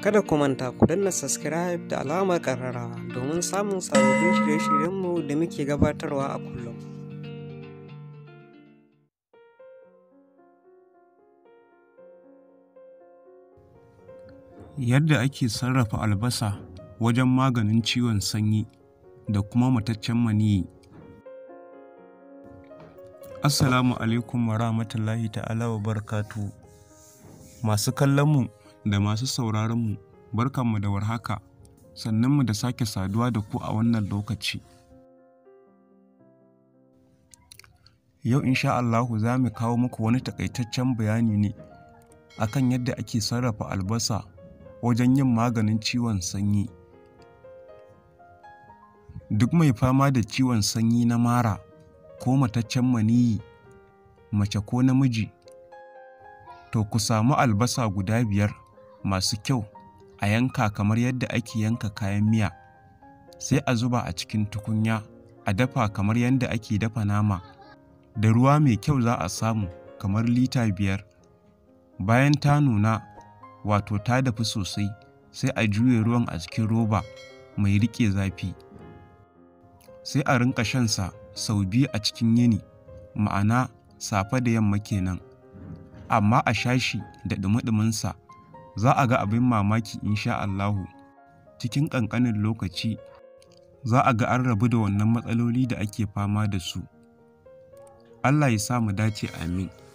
Kada ku manta ku danna subscribe da alamar karara domin samun sababbin shirye-shiryenmu da muke gabatarwa a kullum. Yadda ake sarrafa albasa wajen maganin ciwon sanyi da kuma mataccen maniyyi. Assalamu alaikum wa rahmatullahi ta'ala wa barakatuhu. Masu kallon mu. da masu sauraronmu barkanmu da warhaka, sannanmu da sake saduwa da ku a wannan lokaci. Yau insha Allahu za mu kawo muku wani takaitaccen bayani ne akan yadda ake sarrafa albasa wajen yin maganin ciwon sanyi. Duk mai fama da ciwon sanyi na mara ko mataccen maniyi, mace ko namiji, to ku samu albasa guda biyar. masu kyau a yanka kamar yadda ake yanka kayan miya, sai a zuba a cikin tukunya a dafa kamar yadda ake dafa nama, da ruwa mai kyau za a samu kamar lita biyar. Bayan ta nuna, wato ta dafi sosai, sai a juye ruwan a cikin roba mai riƙe zafi. Sai a rinƙa shansa sau biyu a cikin yini, ma'ana safe da yamma kenan, amma a sha shi da ɗumi-ɗuminsa za a ga abin mamaki insha Allahu, cikin ƙanƙanin lokaci za a ga an rabu da wannan matsaloli da ake fama da su. Allah ya sa mu dace amin.